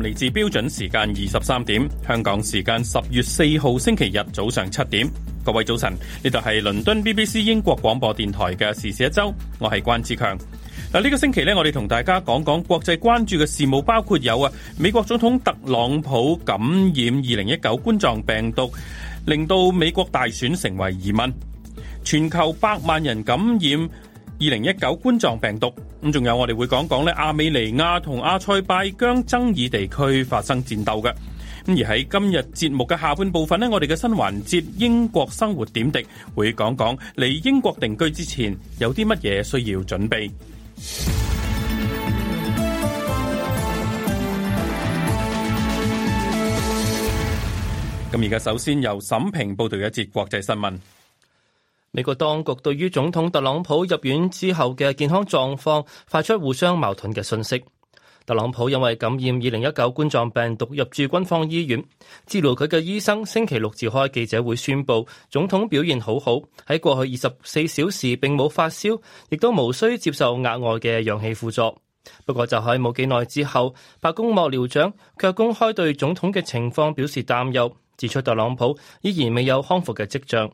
嚟自標準時間二十三點，香港時間十月四號星期日早上七點，各位早晨，呢度係倫敦 BBC 英國廣播電台嘅時事一周，我係關志強。嗱，呢個星期呢，我哋同大家講講國際關注嘅事務，包括有啊，美國總統特朗普感染二零一九冠狀病毒，令到美國大選成為疑問，全球百萬人感染。二零一九冠狀病毒咁，仲有我哋會講講咧，亞美尼亞同阿塞拜疆爭議地區發生戰鬥嘅。咁而喺今日節目嘅下半部分咧，我哋嘅新環節《英國生活點滴》會講講嚟英國定居之前有啲乜嘢需要準備。咁而家首先由沈平報道一節國際新聞。美國當局對於總統特朗普入院之後嘅健康狀況發出互相矛盾嘅信息。特朗普因為感染二零一九冠狀病毒入住軍方醫院，治療佢嘅醫生星期六召開記者會宣布，總統表現好好，喺過去二十四小時並冇發燒，亦都無需接受額外嘅氧氣輔助。不過就喺冇幾耐之後，白宮幕僚長卻公開對總統嘅情況表示擔憂，指出特朗普依然未有康復嘅跡象。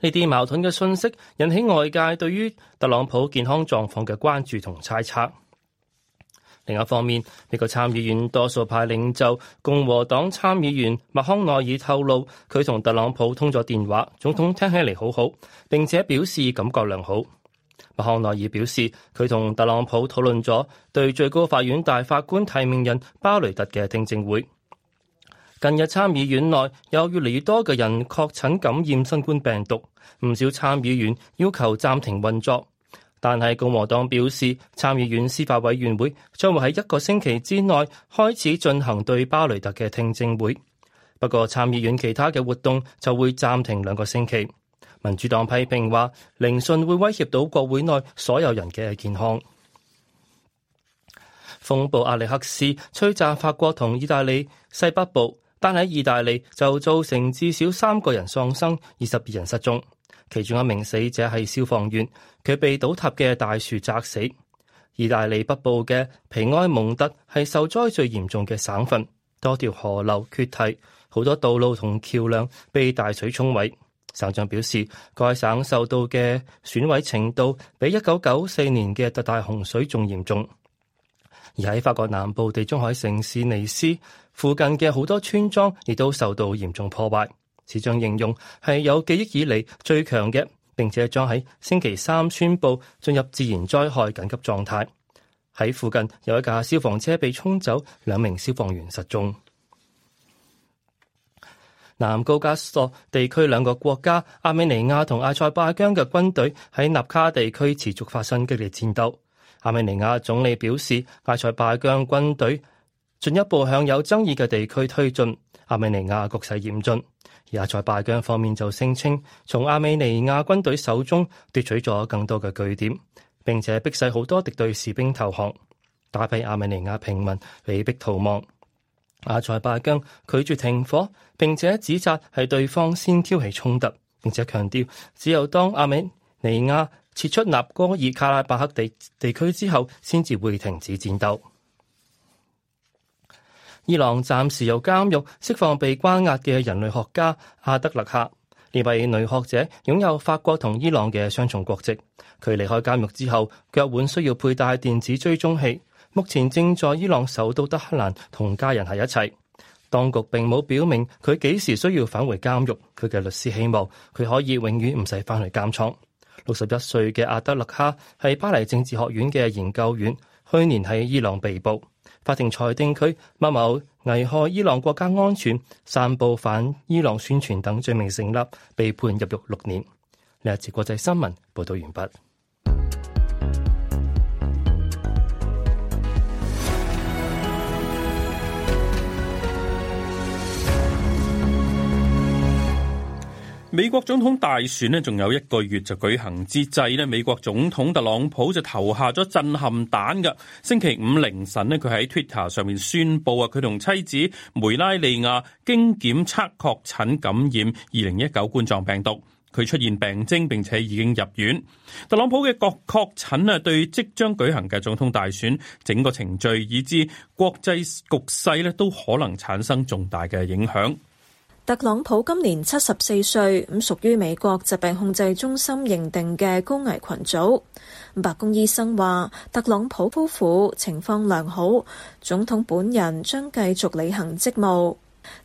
呢啲矛盾嘅信息引起外界對於特朗普健康狀況嘅關注同猜測。另一方面，美國參議員多數派領袖共和黨參議員麥康奈爾透露，佢同特朗普通咗電話，總統聽起嚟好好，並且表示感覺良好。麥康奈爾表示，佢同特朗普討論咗對最高法院大法官提名人巴雷特嘅聽證會。近日參議院內有越嚟越多嘅人確診感染新冠病毒，唔少參議院要求暫停運作。但係共和黨表示，參議院司法委員會將會喺一個星期之內開始進行對巴雷特嘅聽證會。不過參議院其他嘅活動就會暫停兩個星期。民主黨批評話，聆訊會威脅到國會內所有人嘅健康。風暴阿歷克斯吹襲法國同意大利西北部。但喺意大利就造成至少三個人喪生，二十二人失蹤，其中一名死者係消防員，佢被倒塌嘅大樹砸死。意大利北部嘅皮埃蒙特係受災最嚴重嘅省份，多條河流決堤，好多道路同橋樑被大水沖毀。省長表示，該省受到嘅損毀程度比一九九四年嘅特大洪水仲嚴重。而喺法國南部地中海城市尼斯，附近嘅好多村莊亦都受到嚴重破壞。市長形容係有記憶以嚟最強嘅，並且將喺星期三宣布進入自然災害緊急狀態。喺附近有一架消防車被沖走，兩名消防員失蹤。南高加索地區兩個國家亞美尼亞同阿塞拜疆嘅軍隊喺納卡地區持續發生激烈戰鬥。亞美尼亞總理表示，阿塞拜疆軍隊。進一步向有爭議嘅地區推進，亞美尼亞局勢嚴峻。阿塞拜疆方面就聲稱，從亞美尼亞軍隊手中奪取咗更多嘅據點，並且逼使好多敵對士兵投降，大批亞美尼亞平民被迫逃亡。阿塞拜疆拒絕停火，並且指責係對方先挑起衝突，並且強調，只有當亞美尼亞撤出納哥爾卡拉巴克地地區之後，先至會停止戰鬥。伊朗暫時由監獄釋放被關押嘅人類學家阿德勒克。呢位女學者擁有法國同伊朗嘅雙重國籍。佢離開監獄之後，腳腕需要佩戴電子追蹤器。目前正在伊朗首都德黑蘭同家人喺一齊。當局並冇表明佢幾時需要返回監獄。佢嘅律師希望佢可以永遠唔使翻嚟監倉。六十一歲嘅阿德勒克係巴黎政治學院嘅研究員，去年喺伊朗被捕。法庭裁定佢某某危害伊朗國家安全、散布反伊朗宣傳等罪名成立，被判入獄六年。呢一次國際新聞報道完畢。美國總統大選咧，仲有一個月就舉行之際咧，美國總統特朗普就投下咗震撼彈嘅。星期五凌晨咧，佢喺 Twitter 上面宣布啊，佢同妻子梅拉尼亞經檢測確診感染二零一九冠狀病毒，佢出現病徵，並且已經入院。特朗普嘅個確診啊，對即將舉行嘅總統大選、整個程序以至國際局勢咧，都可能產生重大嘅影響。特朗普今年七十四歲，咁屬於美國疾病控制中心認定嘅高危群組。白宮醫生話，特朗普夫婦情況良好，總統本人將繼續履行職務。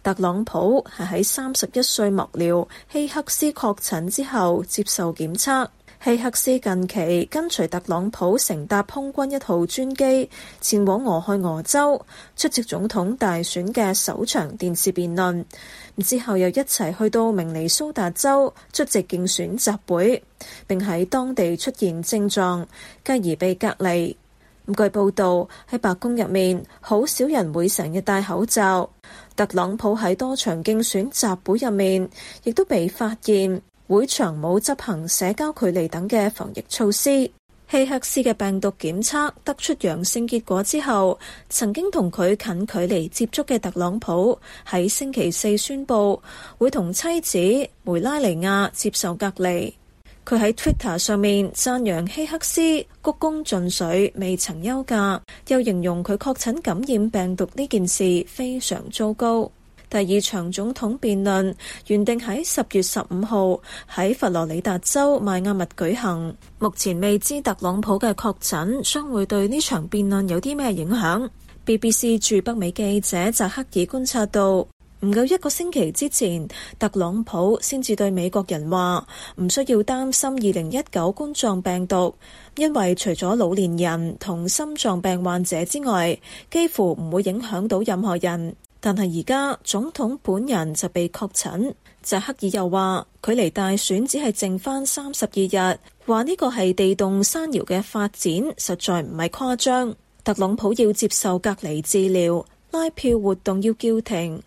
特朗普係喺三十一歲幕僚希克斯確診之後接受檢測。希克斯近期跟隨特朗普乘搭空軍一號專機前往俄亥俄州出席總統大選嘅首場電視辯論，之後又一齊去到明尼蘇達州出席競選集會，並喺當地出現症狀，繼而被隔離。咁據報道喺白宮入面，好少人會成日戴口罩，特朗普喺多場競選集會入面亦都被發現。會場冇執行社交距離等嘅防疫措施。希克斯嘅病毒檢測得出陽性結果之後，曾經同佢近距離接觸嘅特朗普喺星期四宣布會同妻子梅拉尼亞接受隔離。佢喺 Twitter 上面讚揚希克斯鞠躬盡瘁，未曾休假，又形容佢確診感染病毒呢件事非常糟糕。第二場總統辯論原定喺十月十五號喺佛羅里達州邁阿密舉行，目前未知特朗普嘅確診將會對呢場辯論有啲咩影響。BBC 駐北美記者扎克爾觀察到，唔夠一個星期之前，特朗普先至對美國人話唔需要擔心二零一九冠狀病毒，因為除咗老年人同心臟病患者之外，幾乎唔會影響到任何人。但係而家總統本人就被確診，扎克爾又話距離大選只係剩翻三十二日，話呢個係地動山搖嘅發展，實在唔係誇張。特朗普要接受隔離治療，拉票活動要叫停，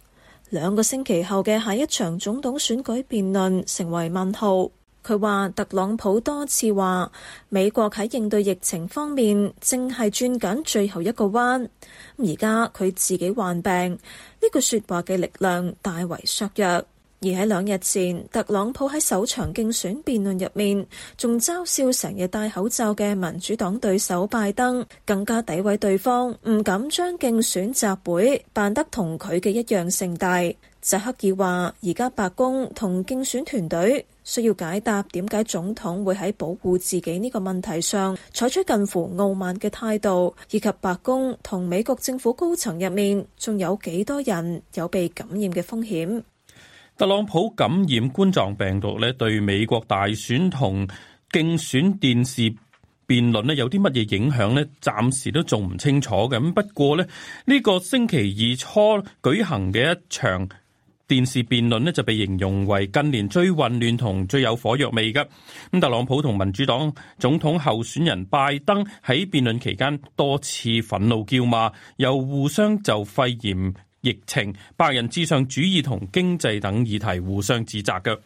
兩個星期後嘅下一場總統選舉辯論成為問號。佢話特朗普多次話美國喺應對疫情方面正係轉緊最後一個彎。而家佢自己患病，呢句說話嘅力量大為削弱。而喺兩日前，特朗普喺首場競選辯論入面，仲嘲笑成日戴口罩嘅民主黨對手拜登，更加詆毀對方，唔敢將競選集會辦得同佢嘅一樣盛大。扎克爾話：而家白宮同競選團隊。需要解答點解總統會喺保護自己呢個問題上採取近乎傲慢嘅態度，以及白宮同美國政府高層入面仲有幾多人有被感染嘅風險？特朗普感染冠狀病毒呢，對美國大選同競選電視辯論呢有啲乜嘢影響呢？暫時都仲唔清楚嘅。咁不過呢，呢個星期二初舉行嘅一場，電視辯論呢就被形容為近年最混亂同最有火藥味嘅。咁特朗普同民主黨總統候選人拜登喺辯論期間多次憤怒叫罵，又互相就肺炎疫情、白人至上主義同經濟等議題互相指責嘅。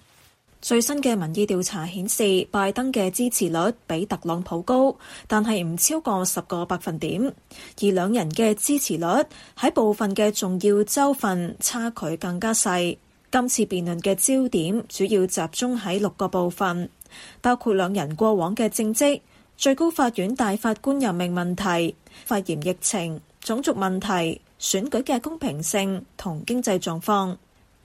最新嘅民意調查顯示，拜登嘅支持率比特朗普高，但係唔超過十個百分點。而兩人嘅支持率喺部分嘅重要州份差距更加細。今次辯論嘅焦點主要集中喺六個部分，包括兩人過往嘅政績、最高法院大法官任命問題、肺炎疫情、種族問題、選舉嘅公平性同經濟狀況。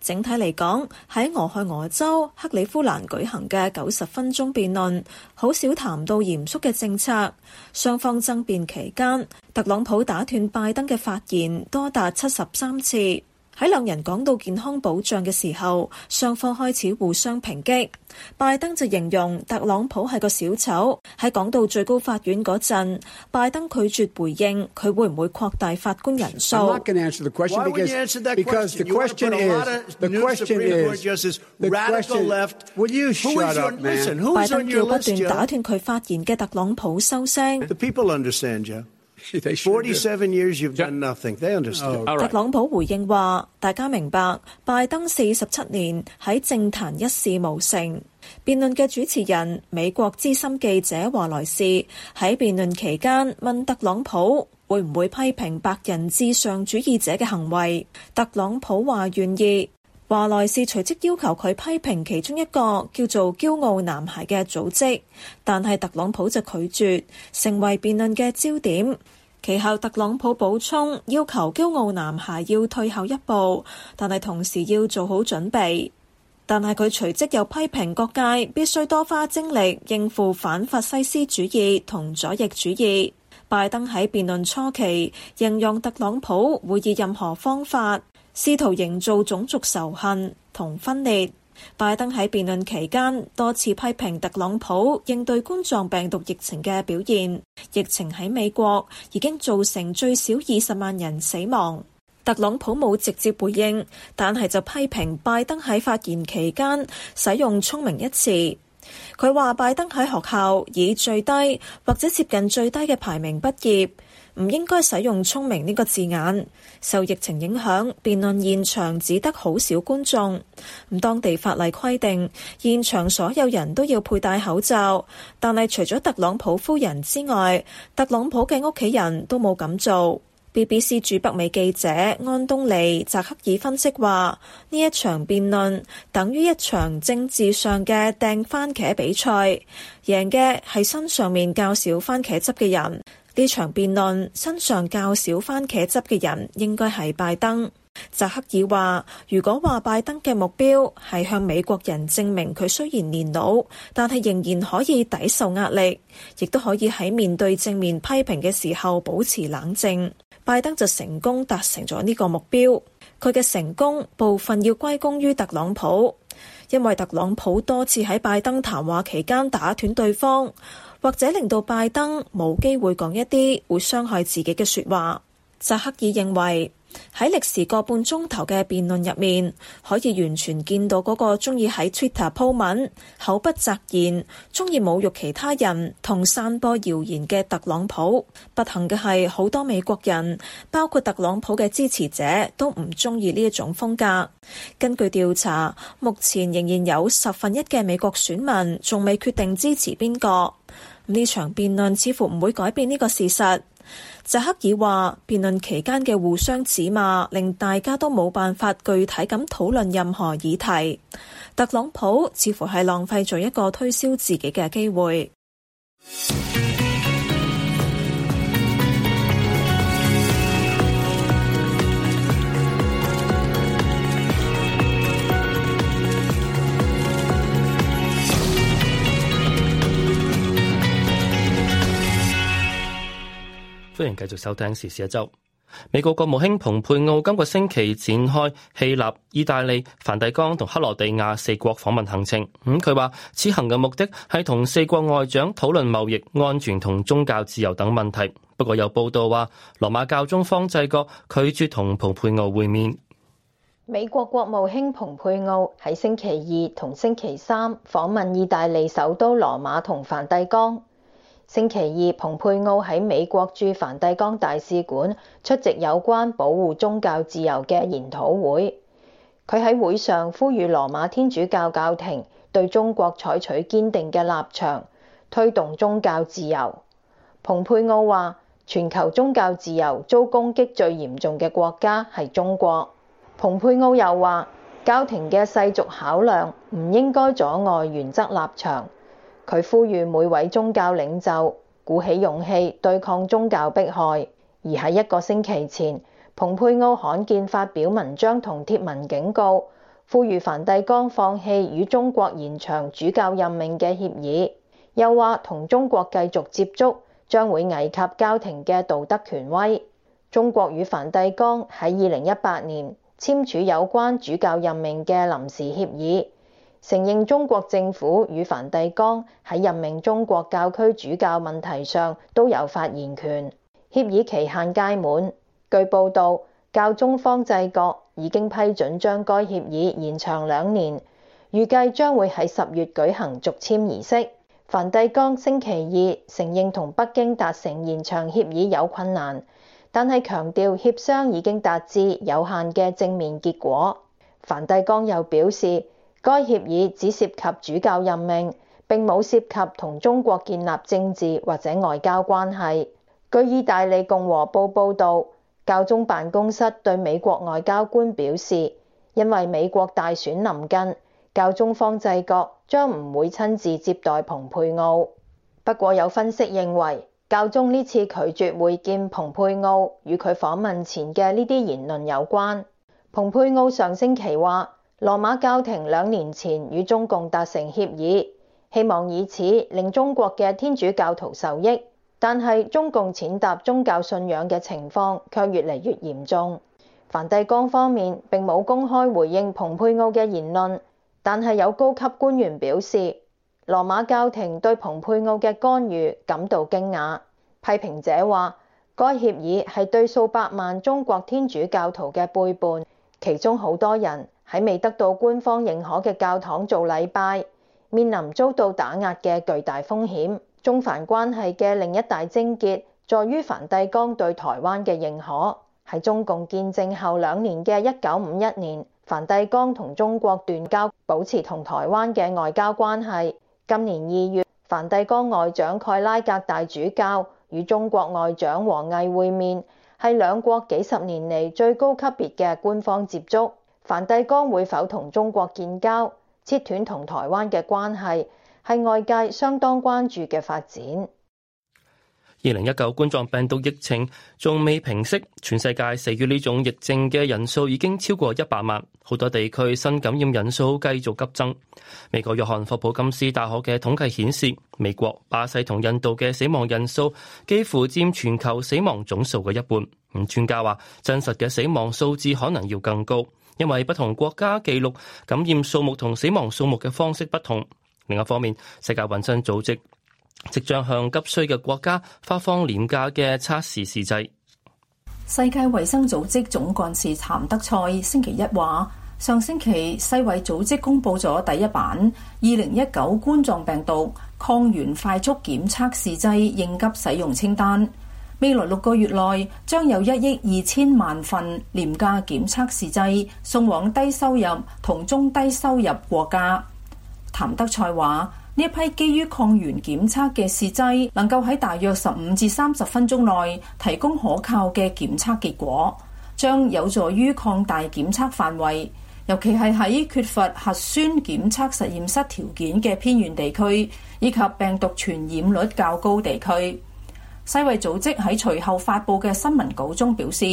整體嚟講，喺俄亥俄州克里夫蘭舉行嘅九十分鐘辯論好少談到嚴肅嘅政策。雙方爭辯期間，特朗普打斷拜登嘅發言多達七十三次。喺兩人講到健康保障嘅時候，雙方開始互相抨擊。拜登就形容特朗普係個小丑。喺講到最高法院嗰陣，拜登拒絕回應佢會唔會擴大法官人數。拜登叫不斷打斷佢發言嘅特朗普收聲。47 years, you've done nothing. They understand. 特朗普回應話：大家明白拜登四十七年喺政壇一事無成。辯論嘅主持人美國資深記者華萊士喺辯論期間問特朗普會唔會批評白人至上主義者嘅行為。特朗普話願意。華萊士隨即要求佢批評其中一個叫做驕傲男孩嘅組織，但係特朗普就拒絕，成為辯論嘅焦點。其後特朗普補充，要求驕傲男孩要退後一步，但係同時要做好準備。但係佢隨即又批評各界必須多花精力應付反法西斯主義同左翼主義。拜登喺辯論初期形容特朗普會以任何方法。試圖營造種族仇恨同分裂。拜登喺辯論期間多次批評特朗普應對冠狀病毒疫情嘅表現。疫情喺美國已經造成最少二十萬人死亡。特朗普冇直接回應，但係就批評拜登喺發言期間使用聰明一詞。佢話拜登喺學校以最低或者接近最低嘅排名畢業，唔應該使用聰明呢個字眼。受疫情影響，辯論現場只得好少觀眾。唔當地法例規定，現場所有人都要佩戴口罩，但係除咗特朗普夫人之外，特朗普嘅屋企人都冇咁做。BBC 駐北美記者安東尼·扎克爾分析話：呢一場辯論等於一場政治上嘅掟番茄比賽，贏嘅係身上面較少番茄汁嘅人。呢場辯論身上較少番茄汁嘅人，人應該係拜登。扎克爾話，如果話拜登嘅目標係向美國人證明佢雖然年老，但係仍然可以抵受壓力，亦都可以喺面對正面批評嘅時候保持冷靜，拜登就成功達成咗呢個目標。佢嘅成功部分要歸功於特朗普，因為特朗普多次喺拜登談話期間打斷對方，或者令到拜登冇機會講一啲會傷害自己嘅說話。扎克爾認為。喺歷時個半鐘頭嘅辯論入面，可以完全見到嗰個中意喺 Twitter 鋪文、口不擇言、中意侮辱其他人同散播謠言嘅特朗普。不幸嘅係，好多美國人，包括特朗普嘅支持者，都唔中意呢一種風格。根據調查，目前仍然有十分一嘅美國選民仲未決定支持邊個。呢場辯論似乎唔會改變呢個事實。扎克爾話：辯論期間嘅互相指罵，令大家都冇辦法具體咁討論任何議題。特朗普似乎係浪費咗一個推銷自己嘅機會。歡迎繼續收聽時事一周。美國國務卿蓬佩奧今個星期展開希臘、意大利、梵蒂岡同克羅地亞四國訪問行程。咁佢話此行嘅目的係同四國外長討論貿易、安全同宗教自由等問題。不過有報道話，羅馬教宗方濟各拒絕同蓬佩奧會面。美國國務卿蓬佩奧喺星期二同星期三訪問意大利首都羅馬同梵蒂岡。星期二，蓬佩奧喺美國駐梵蒂岡大使館出席有關保護宗教自由嘅研討會。佢喺會上呼籲羅馬天主教教廷對中國採取堅定嘅立場，推動宗教自由。蓬佩奧話：全球宗教自由遭攻擊最嚴重嘅國家係中國。蓬佩奧又話：教廷嘅世俗考量唔應該阻礙原則立場。佢呼籲每位宗教領袖鼓起勇氣對抗宗教迫害，而喺一個星期前，蓬佩奧罕見發表文章同貼文警告，呼籲梵蒂岡放棄與中國延長主教任命嘅協議，又話同中國繼續接觸將會危及教廷嘅道德權威。中國與梵蒂岡喺二零一八年簽署有關主教任命嘅臨時協議。承認中國政府與梵蒂岡喺任命中國教區主教問題上都有發言權。協議期限屆滿，據報道，教中方制國已經批准將該協議延長兩年，預計將會喺十月舉行續簽儀式。梵蒂岡星期二承認同北京達成延長協議有困難，但係強調協商已經達至有限嘅正面結果。梵蒂岡又表示，該協議只涉及主教任命，並冇涉及同中國建立政治或者外交關係。據意大利共和報報導，教宗辦公室對美國外交官表示，因為美國大選臨近，教宗方濟各將唔會親自接待蓬佩奧。不過有分析認為，教宗呢次拒絕會見蓬佩奧，與佢訪問前嘅呢啲言論有關。蓬佩奧上星期話。羅馬教廷兩年前與中共達成協議，希望以此令中國嘅天主教徒受益，但係中共踐踏宗教信仰嘅情況卻越嚟越嚴重。梵蒂岡方面並冇公開回應蓬佩奧嘅言論，但係有高級官員表示，羅馬教廷對蓬佩奧嘅干預感到驚訝。批評者話，該協議係對數百萬中國天主教徒嘅背叛，其中好多人。喺未得到官方認可嘅教堂做禮拜，面臨遭到打壓嘅巨大風險。中梵關係嘅另一大症結在於梵蒂岡對台灣嘅認可，喺中共建政後兩年嘅一九五一年，梵蒂岡同中國斷交，保持同台灣嘅外交關係。今年二月，梵蒂岡外長蓋拉格大主教與中國外長王毅會面，係兩國幾十年嚟最高級別嘅官方接觸。梵蒂岡會否同中國建交、切斷同台灣嘅關係，係外界相當關注嘅發展。二零一九冠狀病毒疫情仲未平息，全世界死於呢種疫症嘅人數已經超過一百萬，好多地區新感染人數繼續急增。美國約翰霍普金斯大學嘅統計顯示，美國、巴西同印度嘅死亡人數幾乎佔全球死亡總數嘅一半。咁專家話，真實嘅死亡數字可能要更高。因為不同國家記錄感染數目同死亡數目嘅方式不同，另一方面，世界衞生組織即將向急需嘅國家發放廉價嘅測試試劑。世界衞生組織總幹事譚德塞星期一話：「上星期世衞組織公布咗第一版二零一九冠狀病毒抗原快速檢測試劑應急使用清單。」未來六個月內，將有一億二千萬份廉價檢測試劑送往低收入同中低收入國家。譚德塞話：呢一批基於抗原檢測嘅試劑，能夠喺大約十五至三十分鐘內提供可靠嘅檢測結果，將有助於擴大檢測範圍，尤其係喺缺乏核酸檢測實驗室條件嘅偏遠地區以及病毒傳染率較高地區。世衛組織喺隨後發佈嘅新聞稿中表示，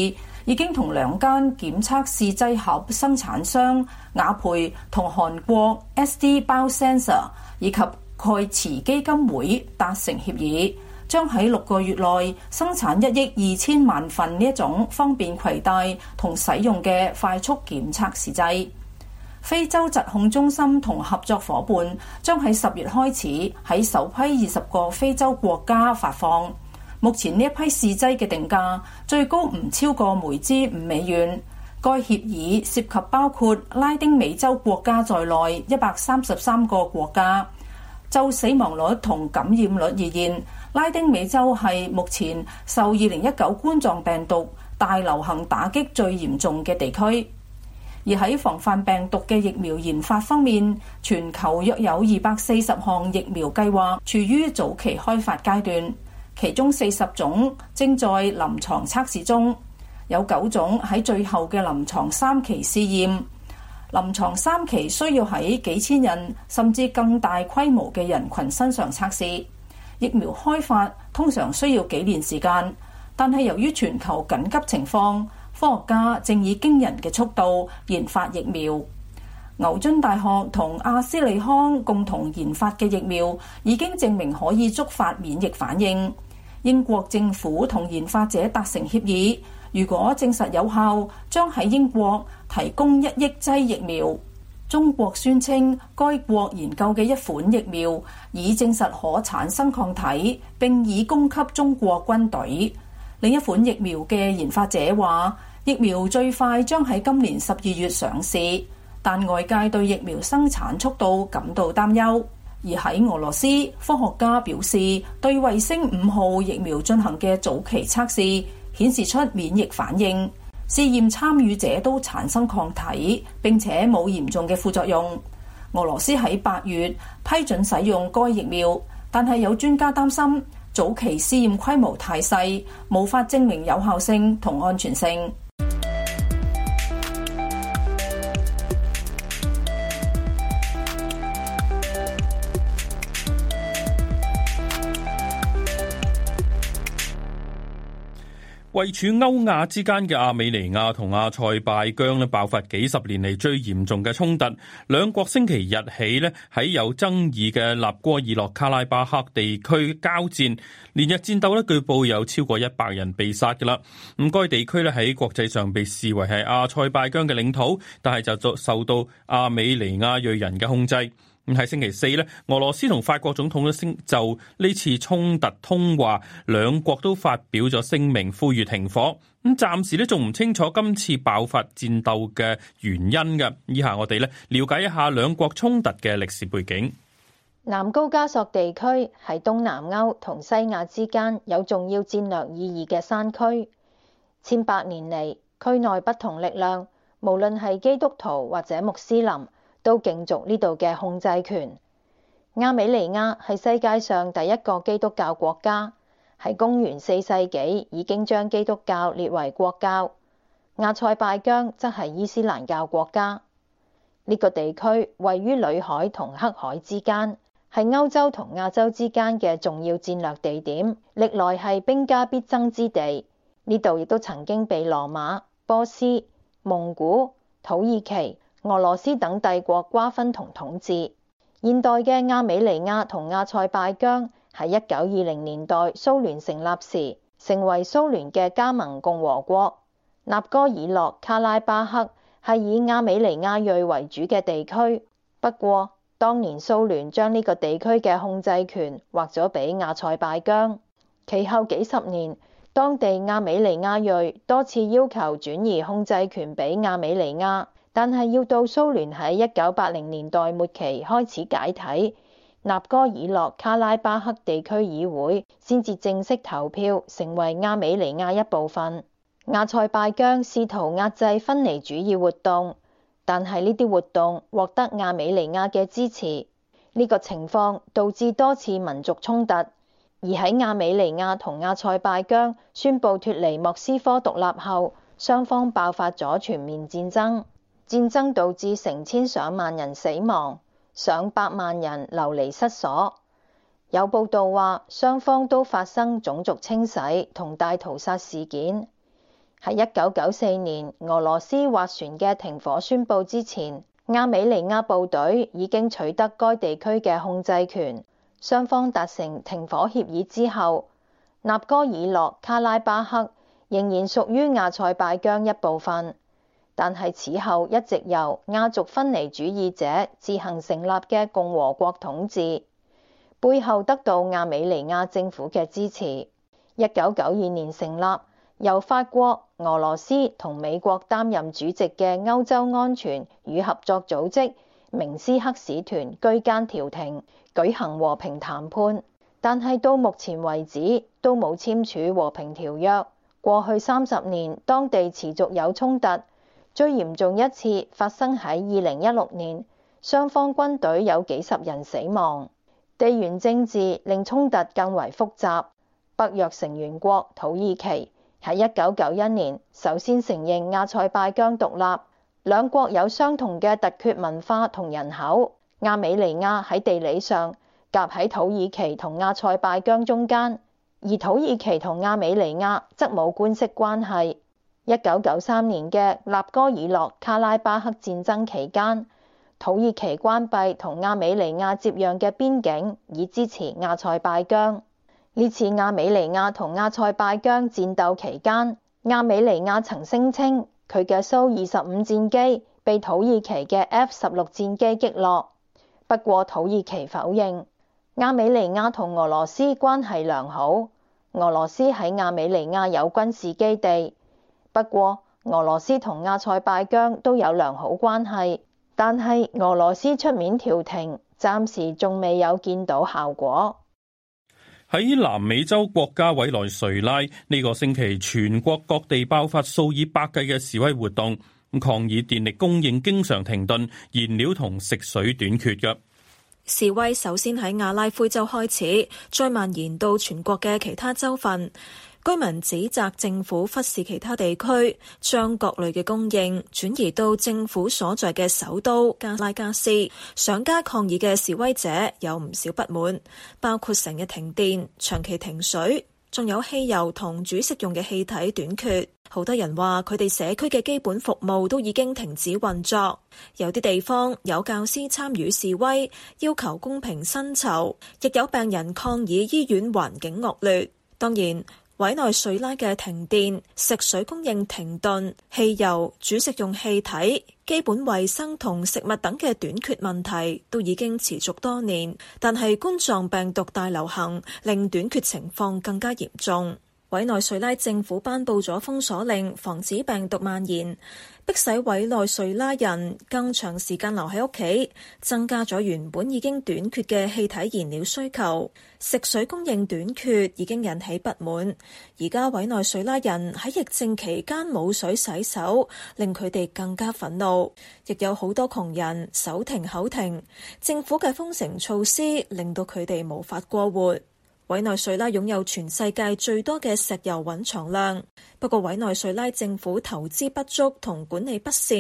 已經同兩間檢測試劑盒生產商雅培同韓國 SD Biosensor 以及蓋茨基金會達成協議，將喺六個月內生產一億二千萬份呢一種方便攜帶同使用嘅快速檢測試劑。非洲疾控中心同合作夥伴將喺十月開始喺首批二十個非洲國家發放。目前呢一批試劑嘅定價最高唔超過每支五美元。該協議涉及包括拉丁美洲國家在內一百三十三個國家。就死亡率同感染率而言，拉丁美洲係目前受二零一九冠狀病毒大流行打擊最嚴重嘅地區。而喺防範病毒嘅疫苗研發方面，全球約有二百四十項疫苗計劃處於早期開發階段。其中四十種正在臨床測試中，有九種喺最後嘅臨床三期試驗。臨床三期需要喺幾千人，甚至更大規模嘅人群身上測試。疫苗開發通常需要幾年時間，但係由於全球緊急情況，科學家正以驚人嘅速度研發疫苗。牛津大學同阿斯利康共同研發嘅疫苗已經證明可以觸發免疫反應。英國政府同研發者達成協議，如果證實有效，將喺英國提供一億劑疫苗。中國宣稱該國研究嘅一款疫苗已證實可產生抗體，並已供給中國軍隊。另一款疫苗嘅研發者話，疫苗最快將喺今年十二月上市。但外界對疫苗生產速度感到擔憂，而喺俄羅斯，科學家表示對衛星五號疫苗進行嘅早期測試顯示出免疫反應，試驗參與者都產生抗體，並且冇嚴重嘅副作用。俄羅斯喺八月批准使用該疫苗，但係有專家擔心早期試驗規模太細，無法證明有效性同安全性。位處歐亞之間嘅亞美尼亞同阿塞拜疆咧爆發幾十年嚟最嚴重嘅衝突，兩國星期日起咧喺有爭議嘅納戈爾諾卡拉巴克地區交戰，連日戰鬥咧據報有超過一百人被殺噶啦。咁該地區咧喺國際上被視為係阿塞拜疆嘅領土，但係就作受到亞美尼亞裔人嘅控制。喺星期四咧，俄羅斯同法國總統都聲就呢次衝突通話，兩國都發表咗聲明呼籲停火。咁暫時都仲唔清楚今次爆發戰鬥嘅原因嘅。以下我哋咧了解一下兩國衝突嘅歷史背景。南高加索地區係東南歐同西亞之間有重要戰略意義嘅山區，千百年嚟區內不同力量，無論係基督徒或者穆斯林，都競逐呢度嘅控制權，亞美尼亞係世界上第一個基督教國家，喺公元四世紀已經將基督教列為國教。亞塞拜疆則係伊斯蘭教國家。呢個地區位於裏海同黑海之間，係歐洲同亞洲之間嘅重要戰略地點，歷來係兵家必爭之地。呢度亦都曾經被羅馬、波斯、蒙古、土耳其、俄羅斯等帝國瓜分同統治，現代嘅亞美尼亞同阿塞拜疆喺一九二零年代蘇聯成立時成為蘇聯嘅加盟共和國。納戈爾諾卡拉巴克係以亞美尼亞裔為主嘅地區，不過當年蘇聯將呢個地區嘅控制權劃咗俾阿塞拜疆。其後幾十年，當地亞美尼亞裔多次要求轉移控制權俾亞美尼亞。但係要到蘇聯喺一九八零年代末期開始解體，納戈爾諾-卡拉巴克地區議會先至正式投票成為亞美尼亞一部分。亞塞拜疆試圖壓制分離主義活動，但係呢啲活動獲得亞美尼亞嘅支持，呢、這個情況導致多次民族衝突。而喺亞美尼亞同亞塞拜疆宣布脱離莫斯科獨立後，雙方爆發咗全面戰爭。戰爭導致成千上萬人死亡，上百萬人流離失所。有報道話，雙方都發生種族清洗同大屠殺事件。喺一九九四年俄羅斯斡旋嘅停火宣布之前，亞美尼亞部隊已經取得該地區嘅控制權。雙方達成停火協議之後，納戈爾諾卡拉巴克仍然屬於亞塞拜疆一部分。但係此後一直由亞族分離主義者自行成立嘅共和國統治，背後得到亞美尼亞政府嘅支持。一九九二年成立，由法國、俄羅斯同美國擔任主席嘅歐洲安全與合作組織明斯克使團居間調停，舉行和平談判。但係到目前為止都冇簽署和平條約。過去三十年，當地持續有衝突。最嚴重一次發生喺二零一六年，雙方軍隊有幾十人死亡。地緣政治令衝突更為複雜。北約成員國土耳其喺一九九一年首先承認阿塞拜疆獨立，兩國有相同嘅突厥文化同人口。亞美尼亞喺地理上夾喺土耳其同阿塞拜疆中間，而土耳其同亞美尼亞則冇官式關係。一九九三年嘅納戈爾諾卡拉巴克戰爭期間，土耳其關閉同亞美尼亞接壤嘅邊境，以支持亞塞拜疆。呢次亞美尼亞同亞塞拜疆戰鬥期間，亞美尼亞曾聲稱佢嘅蘇二十五戰機被土耳其嘅 F 十六戰機擊落，不過土耳其否認。亞美尼亞同俄羅斯關係良好，俄羅斯喺亞美尼亞有軍事基地。不過俄羅斯同亞塞拜疆都有良好關係，但係俄羅斯出面調停，暫時仲未有見到效果。喺南美洲國家委內瑞拉呢個星期，全國各地爆發數以百計嘅示威活動，抗議電力供應經常停頓、燃料同食水短缺嘅示威，首先喺亞拉夫州開始，再蔓延到全國嘅其他州份。居民指責政府忽視其他地區，將各類嘅供應轉移到政府所在嘅首都加拉加斯。上街抗議嘅示威者有唔少不滿，包括成日停電、長期停水，仲有汽油同煮食用嘅氣體短缺。好多人話佢哋社區嘅基本服務都已經停止運作。有啲地方有教師參與示威，要求公平薪酬，亦有病人抗議醫院環境惡劣。當然。委內瑞拉嘅停電、食水供應停頓、汽油、煮食用氣體、基本衛生同食物等嘅短缺問題都已經持續多年，但係冠狀病毒大流行令短缺情況更加嚴重。委內瑞拉政府頒布咗封鎖令，防止病毒蔓延，迫使委內瑞拉人更長時間留喺屋企，增加咗原本已經短缺嘅氣體燃料需求。食水供應短缺已經引起不滿，而家委內瑞拉人喺疫症期間冇水洗手，令佢哋更加憤怒。亦有好多窮人手停口停，政府嘅封城措施令到佢哋無法過活。委內瑞拉擁有全世界最多嘅石油蘊藏量，不過委內瑞拉政府投資不足同管理不善，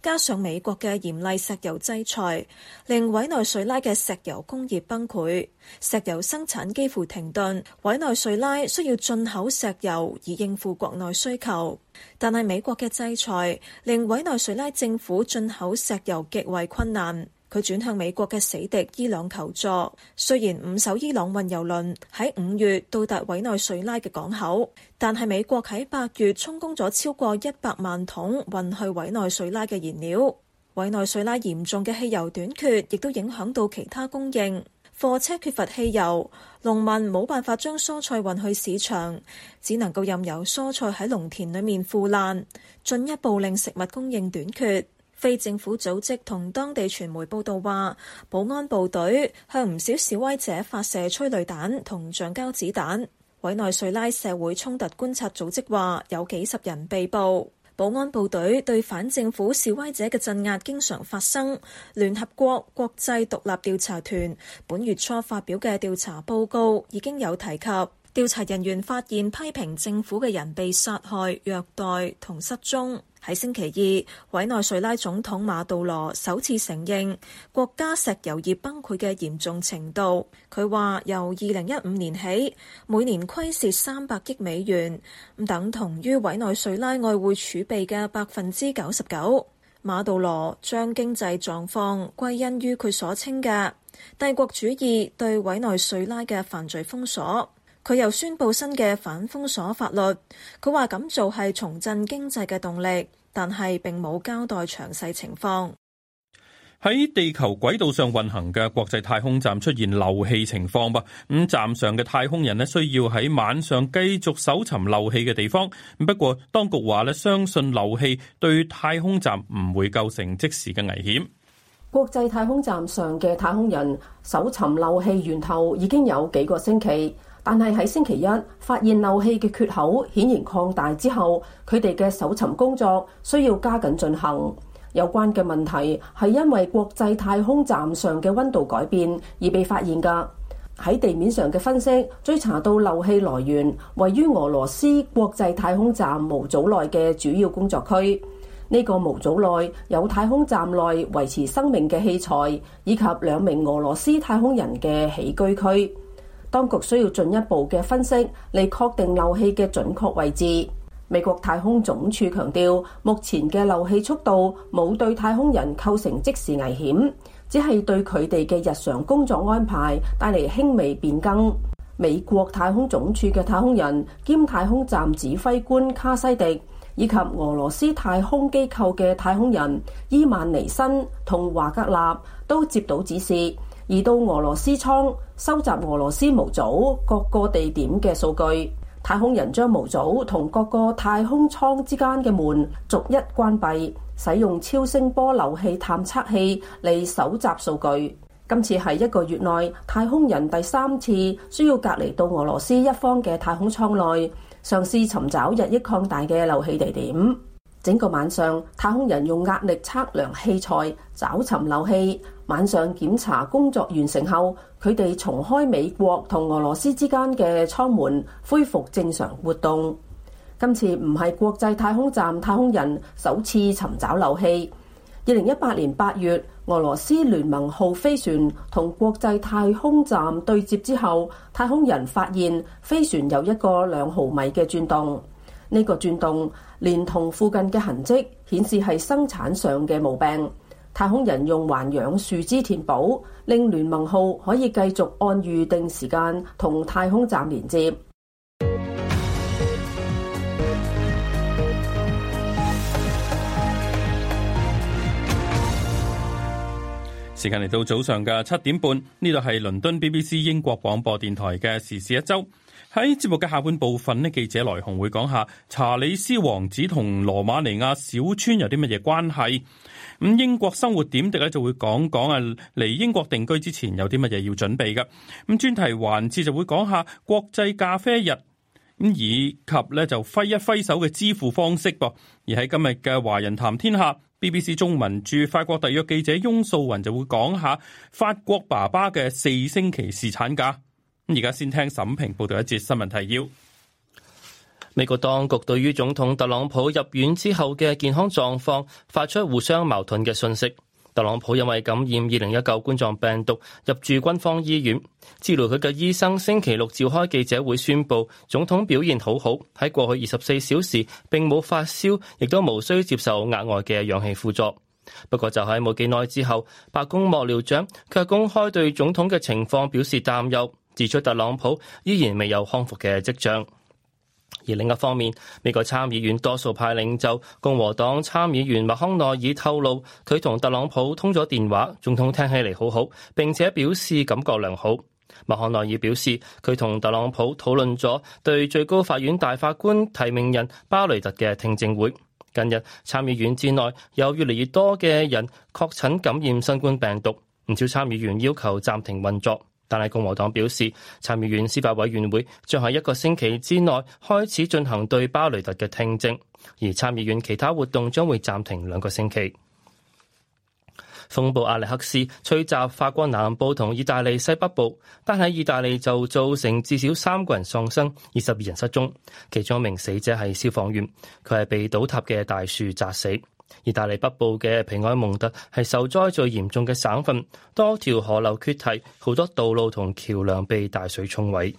加上美國嘅嚴厲石油制裁，令委內瑞拉嘅石油工業崩潰，石油生產幾乎停頓。委內瑞拉需要進口石油以應付國內需求，但係美國嘅制裁令委內瑞拉政府進口石油極為困難。佢轉向美國嘅死敵伊朗求助。雖然五艘伊朗運油輪喺五月到達委內瑞拉嘅港口，但係美國喺八月充公咗超過一百萬桶運去委內瑞拉嘅燃料。委內瑞拉嚴重嘅汽油短缺，亦都影響到其他供應。貨車缺乏汽油，農民冇辦法將蔬菜運去市場，只能夠任由蔬菜喺農田裡面腐爛，進一步令食物供應短缺。非政府組織同當地傳媒報道話，保安部隊向唔少示威者發射催淚彈同橡膠子彈。委內瑞拉社會衝突觀察組織話，有幾十人被捕。保安部隊對反政府示威者嘅鎮壓經常發生。聯合國國際獨立調查團本月初發表嘅調查報告已經有提及，調查人員發現批評政府嘅人被殺害、虐待同失蹤。喺星期二，委內瑞拉總統馬杜羅首次承認國家石油業崩潰嘅嚴重程度。佢話由二零一五年起，每年虧蝕三百億美元，咁等同於委內瑞拉外匯儲備嘅百分之九十九。馬杜羅將經濟狀況歸因於佢所稱嘅帝國主義對委內瑞拉嘅犯罪封鎖。佢又宣布新嘅反封鎖法律。佢話咁做係重振經濟嘅動力，但係並冇交代詳細情況。喺地球軌道上運行嘅國際太空站出現漏氣情況噃，咁、嗯、站上嘅太空人呢，需要喺晚上繼續搜尋漏氣嘅地方。不過當局話呢，相信漏氣對太空站唔會構成即時嘅危險。國際太空站上嘅太空人搜尋漏氣源頭已經有幾個星期。但係喺星期一，發現漏氣嘅缺口顯然擴大之後，佢哋嘅搜尋工作需要加緊進行。有關嘅問題係因為國際太空站上嘅温度改變而被發現㗎。喺地面上嘅分析追查到漏氣來源，位於俄羅斯國際太空站模組內嘅主要工作區。呢個模組內有太空站內維持生命嘅器材，以及兩名俄羅斯太空人嘅起居區。當局需要進一步嘅分析嚟確定漏氣嘅準確位置。美國太空總署強調，目前嘅漏氣速度冇對太空人構成即時危險，只係對佢哋嘅日常工作安排帶嚟輕微變更。美國太空總署嘅太空人兼太空站指揮官卡西迪以及俄羅斯太空機構嘅太空人伊萬尼申同華格納都接到指示。而到俄羅斯倉收集俄羅斯模組各個地點嘅數據，太空人將模組同各個太空艙之間嘅門逐一關閉，使用超聲波漏氣探測器嚟搜集數據，今次係一個月內太空人第三次需要隔離到俄羅斯一方嘅太空艙內，嘗試尋找日益擴大嘅漏氣地點。整個晚上，太空人用壓力測量器材找尋漏氣。晚上檢查工作完成後，佢哋重開美國同俄羅斯之間嘅艙門，恢復正常活動。今次唔係國際太空站太空人首次尋找漏氣。二零一八年八月，俄羅斯聯盟號飛船同國際太空站對接之後，太空人發現飛船有一個兩毫米嘅轉動。呢個轉動連同附近嘅痕跡顯示係生產上嘅毛病。太空人用環氧樹脂填補，令聯盟號可以繼續按預定時間同太空站連接。時間嚟到早上嘅七點半，呢度係倫敦 BBC 英國廣播電台嘅時事一周。喺節目嘅下半部分呢，記者來鴻會講下查理斯王子同羅馬尼亞小村有啲乜嘢關係。咁英國生活點滴咧就會講講啊，嚟英國定居之前有啲乜嘢要準備嘅。咁專題環節就會講下國際咖啡日，咁以及咧就揮一揮手嘅支付方式噃。而喺今日嘅華人談天下，BBC 中文駐法國特約記者翁素雲就會講下法國爸爸嘅四星期侍產假。咁而家先聽沈平報道一節新聞提要。美國當局對於總統特朗普入院之後嘅健康狀況發出互相矛盾嘅信息。特朗普因為感染二零一九冠狀病毒入住軍方醫院治療，佢嘅醫生星期六召開記者會宣布，總統表現好好，喺過去二十四小時並冇發燒，亦都無需接受額外嘅氧氣輔助。不過就喺冇幾耐之後，白宮幕僚長卻公開對總統嘅情況表示擔憂。指出特朗普依然未有康復嘅跡象。而另一方面，美國參議院多數派領袖共和黨參議員麥康奈爾透露，佢同特朗普通咗電話，總統聽起嚟好好，並且表示感覺良好。麥康奈爾表示，佢同特朗普討論咗對最高法院大法官提名人巴雷特嘅聽證會。近日參議院之內有越嚟越多嘅人確診感染新冠病毒，唔少參議員要求暫停運作。但係共和黨表示，參議院司法委員會將喺一個星期之內開始進行對巴雷特嘅聽證，而參議院其他活動將會暫停兩個星期。風暴阿歷克斯吹襲法國南部同意大利西北部，但喺意大利就造成至少三個人喪生，二十二人失蹤，其中一名死者係消防員，佢係被倒塌嘅大樹砸死。意大利北部嘅皮埃蒙特係受災最嚴重嘅省份，多條河流決堤，好多道路同橋樑被大水沖毀。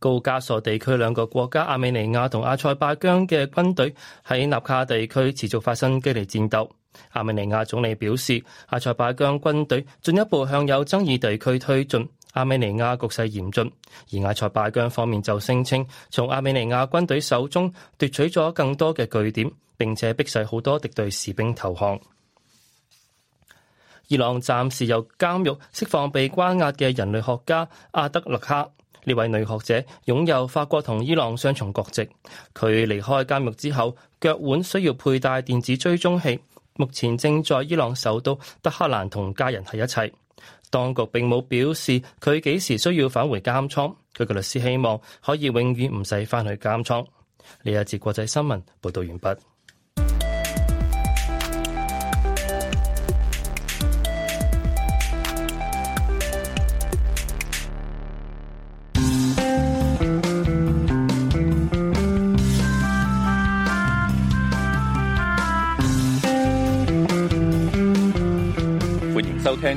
高加索地區兩個國家阿美尼亞同阿塞拜疆嘅軍隊喺納卡地區持續發生激烈戰鬥。阿美尼亞總理表示，阿塞拜疆軍隊進一步向有爭議地區推進，阿美尼亞局勢嚴峻。而阿塞拜疆方面就聲稱，從阿美尼亞軍隊手中奪取咗更多嘅據點。並且逼使好多敵對士兵投降。伊朗暫時由監獄釋放被關押嘅人類學家阿德勒克。呢位女學者，擁有法國同伊朗雙重國籍。佢離開監獄之後，腳腕需要佩戴電子追蹤器。目前正在伊朗首都德黑蘭同家人喺一齊。當局並冇表示佢幾時需要返回監倉。佢嘅律師希望可以永遠唔使翻去監倉。呢一節國際新聞報道完畢。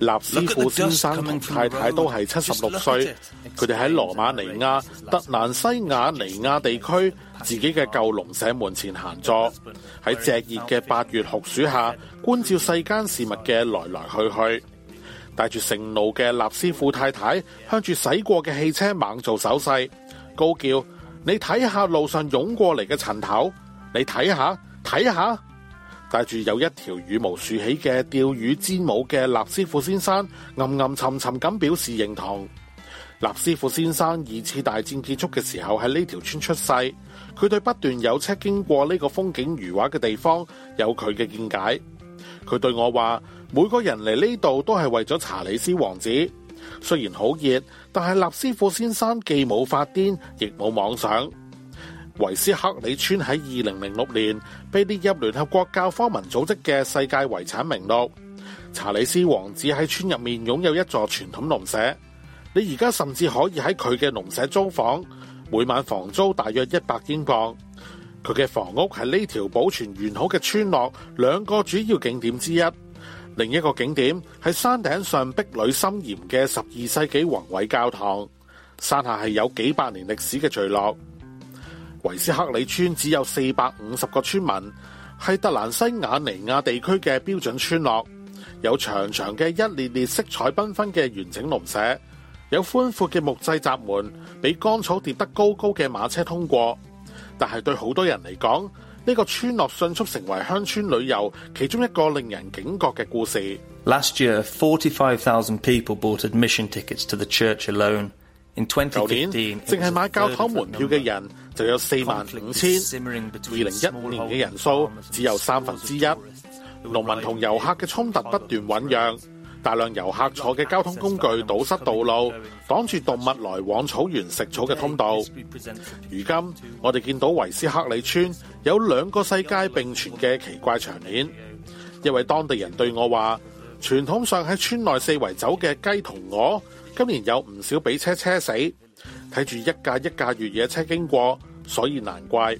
納斯庫先生同太太都係七十六歲，佢哋喺羅馬尼亞德蘭西亞尼亞地區自己嘅舊農舍門前閒坐，喺炙熱嘅八月酷暑下觀照世間事物嘅來來去去。帶住盛怒嘅納斯庫太太向住駛過嘅汽車猛做手勢，高叫：你睇下路上湧過嚟嘅塵頭，你睇下，睇下！戴住有一條羽毛豎起嘅釣魚尖帽嘅納師傅先生，暗暗沉沉咁表示認同。納師傅先生二次大戰結束嘅時候喺呢條村出世，佢對不斷有車經過呢個風景如畫嘅地方有佢嘅見解。佢對我話：每個人嚟呢度都係為咗查理斯王子。雖然好熱，但係納師傅先生既冇發癲，亦冇妄想。維斯克里村喺二零零六年被列入聯合國教科文組織嘅世界遺產名錄。查理斯王子喺村入面擁有一座傳統農舍，你而家甚至可以喺佢嘅農舍租房，每晚房租大約一百英鎊。佢嘅房屋係呢條保存完好嘅村落兩個主要景點之一。另一個景點係山頂上壁壘森嚴嘅十二世紀宏偉教堂，山下係有幾百年歷史嘅聚落。維斯克里村只有四百五十個村民，係特蘭西瓦尼亞地區嘅標準村落，有長長嘅一列列色彩繽紛嘅完整農舍，有寬闊嘅木製閘門，俾乾草疊得高高嘅馬車通過。但係對好多人嚟講，呢個村落迅速成為鄉村旅遊其中一個令人警覺嘅故事。Last year, forty-five thousand people bought admission tickets to the church alone. 舊年淨係買教堂門票嘅人就有四萬五千，二零一五年嘅人數只有三分之一。農民同遊客嘅衝突不斷醖釀，大量遊客坐嘅交通工具堵塞道路，擋住動物來往草原食草嘅通道。如今我哋見到維斯克里村有兩個世界並存嘅奇怪場面。一位當地人對我話：傳統上喺村內四圍走嘅雞同鵝。今年有唔少俾車車死，睇住一架一架越野車經過，所以難怪。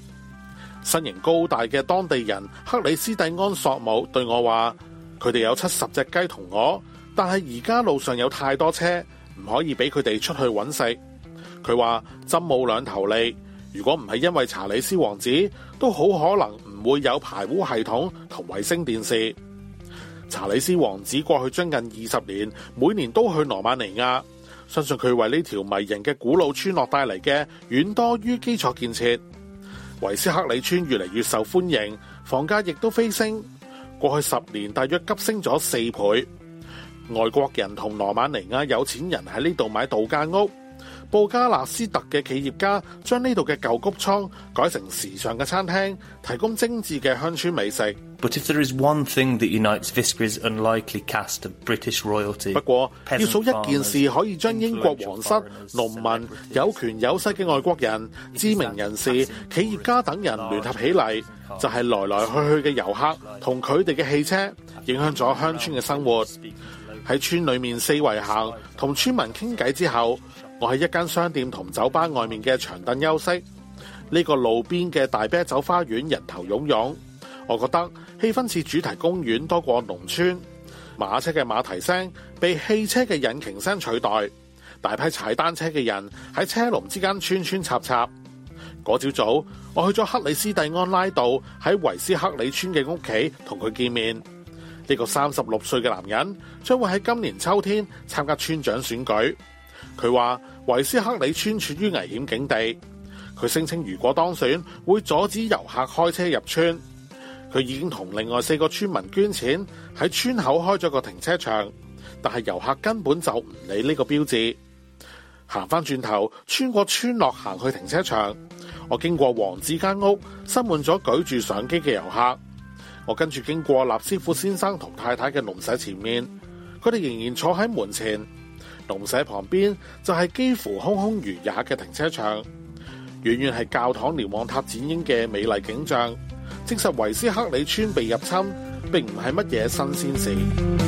身形高大嘅當地人克里斯蒂安索姆對我話：佢哋有七十隻雞同鵝，但係而家路上有太多車，唔可以俾佢哋出去揾食。佢話針冇兩頭利，如果唔係因為查理斯王子，都好可能唔會有排污系統同衛星電視。查理斯王子過去將近二十年，每年都去羅馬尼亞，相信佢為呢條迷人嘅古老村落帶嚟嘅遠多於基礎建設。維斯克里村越嚟越受歡迎，房價亦都飛升，過去十年大約急升咗四倍。外國人同羅馬尼亞有錢人喺呢度買度假屋。布加勒斯特嘅企業家將呢度嘅舊谷倉改成時尚嘅餐廳，提供精緻嘅鄉村美食。不過，要數一件事可以將英國皇室、農民、有權有勢嘅外國人、知名人士、企業家等人聯合起嚟，就係、是、來來去去嘅遊客同佢哋嘅汽車，影響咗鄉村嘅生活。喺村裏面四圍行，同村民傾偈之後。我喺一間商店同酒吧外面嘅長凳休息。呢個路邊嘅大啤酒花園人頭湧湧，我覺得氣氛似主題公園多過農村。馬車嘅馬蹄聲被汽車嘅引擎聲取代，大批踩單車嘅人喺車龍之間穿穿插插。嗰朝早，我去咗克里斯蒂安拉道喺維斯克里村嘅屋企同佢見面。呢個三十六歲嘅男人將會喺今年秋天參加村長選舉。佢話維斯克里村處於危險境地。佢聲稱如果當選，會阻止遊客開車入村。佢已經同另外四個村民捐錢喺村口開咗個停車場，但係遊客根本就唔理呢個標誌。行返轉頭，穿過村落行去停車場，我經過王子間屋，塞滿咗舉住相機嘅遊客。我跟住經過林師傅先生同太太嘅農舍前面，佢哋仍然坐喺門前。農舍旁邊就係幾乎空空如也嘅停車場，遠遠係教堂瞭望塔剪影嘅美麗景象。證實維斯克里村被入侵，並唔係乜嘢新鮮事。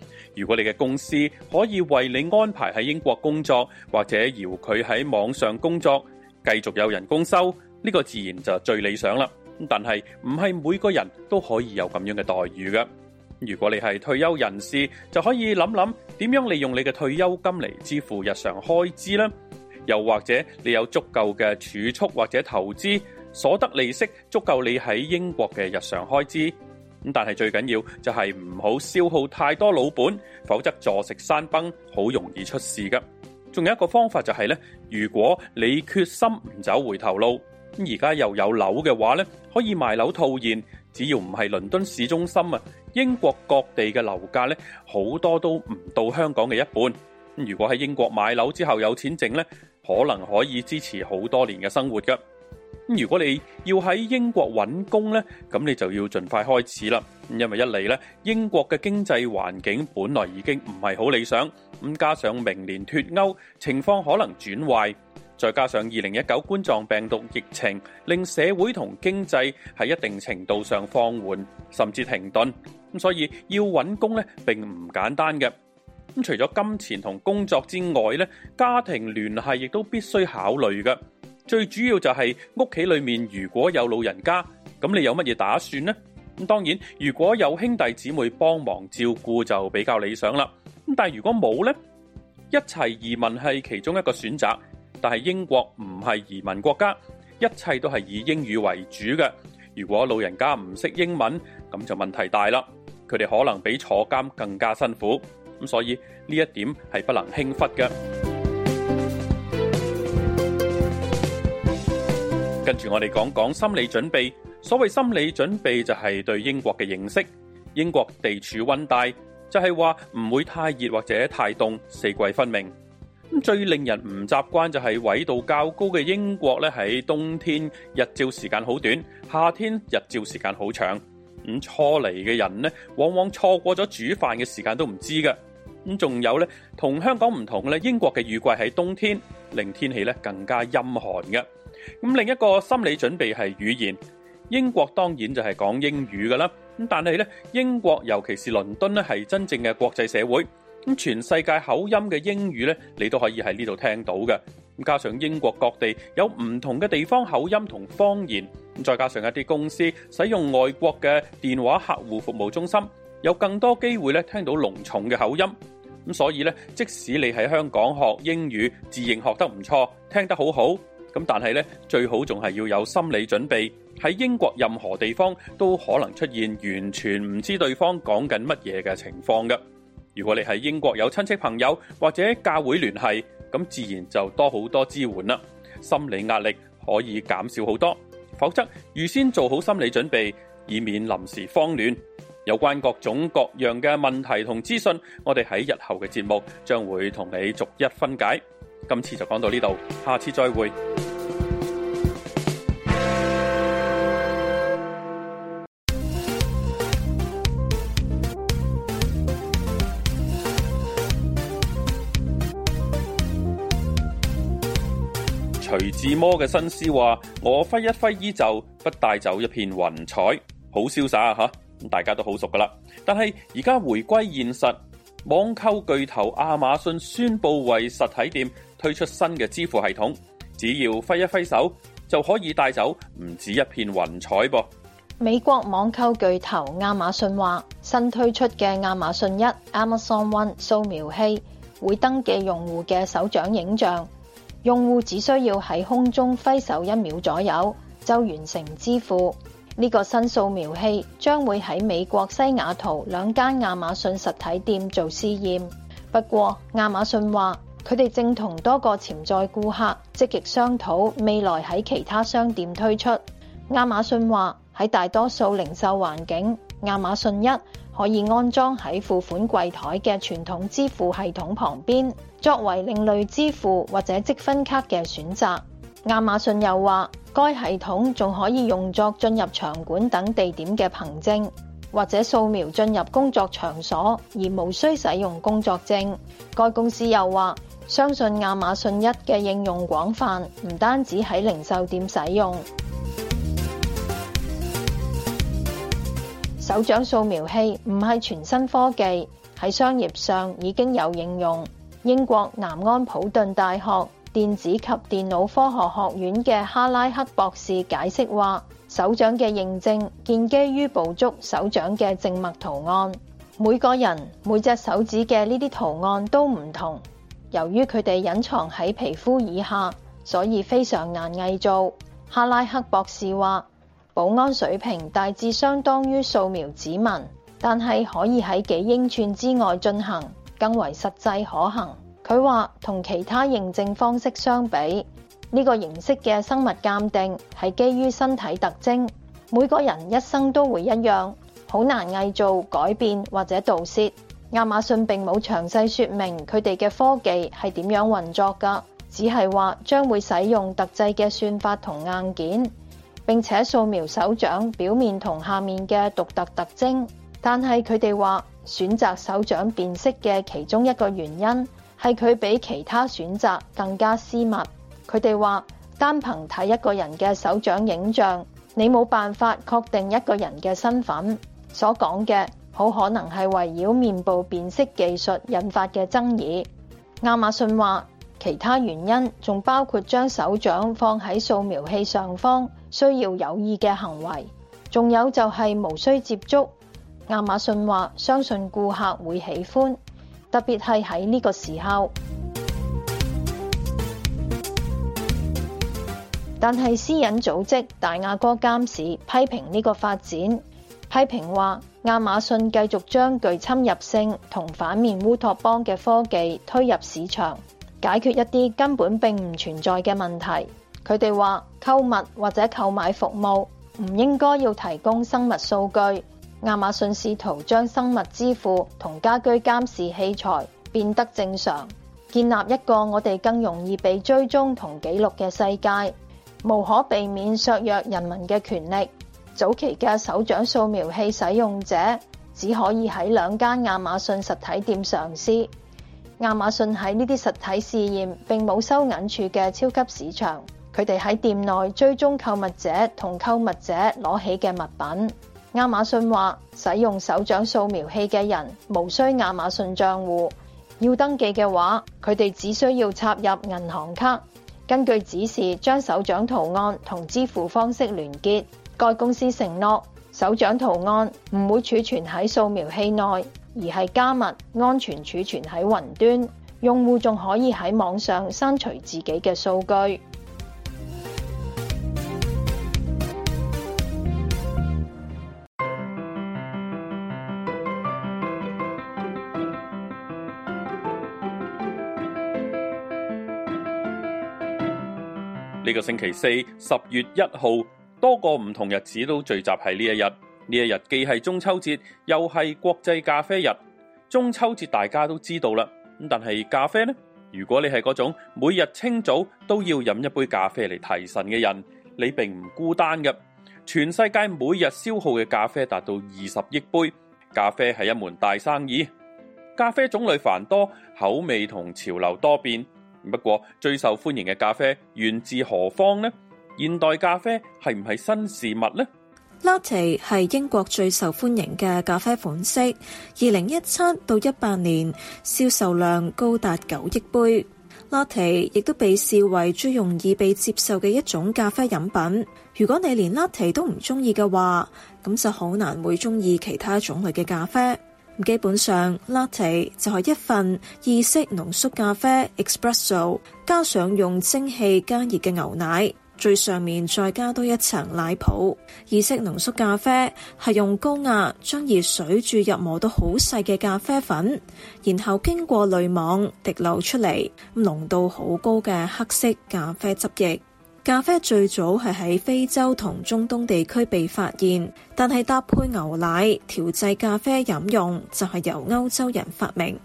如果你嘅公司可以為你安排喺英國工作，或者遙距喺網上工作，繼續有人工收，呢個自然就最理想啦。但係唔係每個人都可以有咁樣嘅待遇嘅。如果你係退休人士，就可以諗諗點樣利用你嘅退休金嚟支付日常開支啦。又或者你有足夠嘅儲蓄或者投資所得利息，足夠你喺英國嘅日常開支。咁但係最緊要就係唔好消耗太多老本，否則坐食山崩，好容易出事噶。仲有一個方法就係咧，如果你決心唔走回頭路，而家又有樓嘅話咧，可以賣樓套現。只要唔係倫敦市中心啊，英國各地嘅樓價咧好多都唔到香港嘅一半。如果喺英國買樓之後有錢剩咧，可能可以支持好多年嘅生活噶。咁如果你要喺英國搵工呢，咁你就要盡快開始啦。因為一嚟呢，英國嘅經濟環境本來已經唔係好理想，咁加上明年脫歐情況可能轉壞，再加上二零一九冠狀病毒疫情令社會同經濟喺一定程度上放緩甚至停頓，咁所以要搵工呢並唔簡單嘅。咁除咗金錢同工作之外呢，家庭聯繫亦都必須考慮㗎。最主要就係屋企裏面如果有老人家，咁你有乜嘢打算呢？咁當然，如果有兄弟姊妹幫忙照顧就比較理想啦。但係如果冇呢，一齊移民係其中一個選擇。但係英國唔係移民國家，一切都係以英語為主嘅。如果老人家唔識英文，咁就問題大啦。佢哋可能比坐監更加辛苦。咁所以呢一點係不能輕忽嘅。跟住我哋講講心理準備，所謂心理準備就係對英國嘅認識。英國地處温帶，就係話唔會太熱或者太凍，四季分明。最令人唔習慣就係緯度較高嘅英國咧，喺冬天日照時間好短，夏天日照時間好長。咁初嚟嘅人咧，往往錯過咗煮飯嘅時間都唔知噶。咁仲有呢，同香港唔同咧，英國嘅雨季喺冬天，令天氣咧更加陰寒嘅。咁另一個心理準備係語言，英國當然就係講英語噶啦。咁但係咧，英國尤其是倫敦咧，係真正嘅國際社會。咁全世界口音嘅英語咧，你都可以喺呢度聽到嘅。咁加上英國各地有唔同嘅地方口音同方言，再加上一啲公司使用外國嘅電話客戶服務中心，有更多機會咧聽到濃重嘅口音。咁所以咧，即使你喺香港學英語，自認學得唔錯，聽得好好。咁但係咧，最好仲係要有心理準備，喺英國任何地方都可能出現完全唔知對方講緊乜嘢嘅情況㗎。如果你喺英國有親戚朋友或者教會聯繫，咁自然就多好多支援啦，心理壓力可以減少好多。否則預先做好心理準備，以免臨時慌亂。有關各種各樣嘅問題同資訊，我哋喺日後嘅節目將會同你逐一分解。今次就講到呢度，下次再會。徐志摩嘅新詩話：我揮一揮衣袖，不帶走一片雲彩，好瀟灑啊！吓，大家都好熟噶啦。但係而家回歸現實，網購巨頭亞馬遜宣布為實體店。推出新嘅支付系統，只要揮一揮手就可以帶走唔止一片雲彩噃。美國網購巨頭亞馬遜話，新推出嘅亞馬遜一 Amazon One 掃描器會登記用戶嘅手掌影像，用戶只需要喺空中揮手一秒左右就完成支付。呢個新掃描器將會喺美國西雅圖兩間亞馬遜實體店做試驗。不過亞馬遜話，佢哋正同多個潛在顧客積極商討未來喺其他商店推出。亞馬遜話，喺大多數零售環境，亞馬遜一可以安裝喺付款櫃台嘅傳統支付系統旁邊，作為另類支付或者積分卡嘅選擇。亞馬遜又話，該系統仲可以用作進入場館等地點嘅憑證，或者掃描進入工作場所，而無需使用工作證。該公司又話。相信亞馬遜一嘅應用廣泛，唔單止喺零售店使用。 手掌掃描器唔係全新科技，喺商業上已經有應用。英國南安普頓大學電子及電腦科學學院嘅哈拉克博士解釋話，手掌嘅認證建基於捕捉手掌嘅靜脈圖案，每個人每隻手指嘅呢啲圖案都唔同。由於佢哋隱藏喺皮膚以下，所以非常難偽造。哈拉克博士話：保安水平大致相當於掃描指紋，但係可以喺幾英寸之外進行，更為實際可行。佢話：同其他認證方式相比，呢個形式嘅生物鑑定係基於身體特徵，每個人一生都會一樣，好難偽造、改變或者盜竊。亞馬遜並冇詳細說明佢哋嘅科技係點樣運作噶只係話將會使用特製嘅算法同硬件，並且掃描手掌表面同下面嘅獨特特徵。但係佢哋話選擇手掌辨識嘅其中一個原因係佢比其他選擇更加私密。佢哋話單憑睇一個人嘅手掌影像，你冇辦法確定一個人嘅身份。所講嘅。好可能係圍繞面部辨識技術引發嘅爭議。亞馬遜話，其他原因仲包括將手掌放喺掃描器上方需要有意嘅行為，仲有就係無需接觸。亞馬遜話，相信顧客會喜歡，特別係喺呢個時候。但係，私隱組織大亞哥監視批評呢個發展，批評話。亞馬遜繼續將具侵入性同反面烏托邦嘅科技推入市場，解決一啲根本並唔存在嘅問題。佢哋話：購物或者購買服務唔應該要提供生物數據。亞馬遜試圖將生物支付同家居監視器材變得正常，建立一個我哋更容易被追蹤同記錄嘅世界，無可避免削弱人民嘅權力。早期嘅手掌掃描器使用者只可以喺兩間亞馬遜實體店嘗試。亞馬遜喺呢啲實體試驗並冇收銀處嘅超級市場，佢哋喺店內追蹤購物者同購物者攞起嘅物品。亞馬遜話，使用手掌掃描器嘅人無需亞馬遜賬戶，要登記嘅話，佢哋只需要插入銀行卡，根據指示將手掌圖案同支付方式聯結。該公司承諾，手掌圖案唔會儲存喺掃描器內，而係加密，安全儲存喺雲端。用戶仲可以喺網上刪除自己嘅數據。呢個星期四，十月一號。多個唔同日子都聚集喺呢一日，呢一日既係中秋節，又係國際咖啡日。中秋節大家都知道啦，咁但係咖啡呢？如果你係嗰種每日清早都要飲一杯咖啡嚟提神嘅人，你並唔孤單嘅。全世界每日消耗嘅咖啡達到二十億杯，咖啡係一門大生意。咖啡種類繁多，口味同潮流多變。不過最受歡迎嘅咖啡源自何方呢？現代咖啡係唔係新事物呢？Latte 係英國最受歡迎嘅咖啡款式，二零一七到一八年銷售量高達九億杯。Latte 亦都被視為最容易被接受嘅一種咖啡飲品。如果你連 Latte 都唔中意嘅話，咁就好難會中意其他種類嘅咖啡。基本上，Latte 就係一份意式濃縮咖啡 （Espresso） 加上用蒸汽加熱嘅牛奶。最上面再加多一層奶泡。意式濃縮咖啡係用高壓將熱水注入磨到好細嘅咖啡粉，然後經過濾網滴漏出嚟，咁濃度好高嘅黑色咖啡汁液。咖啡最早係喺非洲同中東地區被發現，但係搭配牛奶調製咖啡飲用就係由歐洲人發明。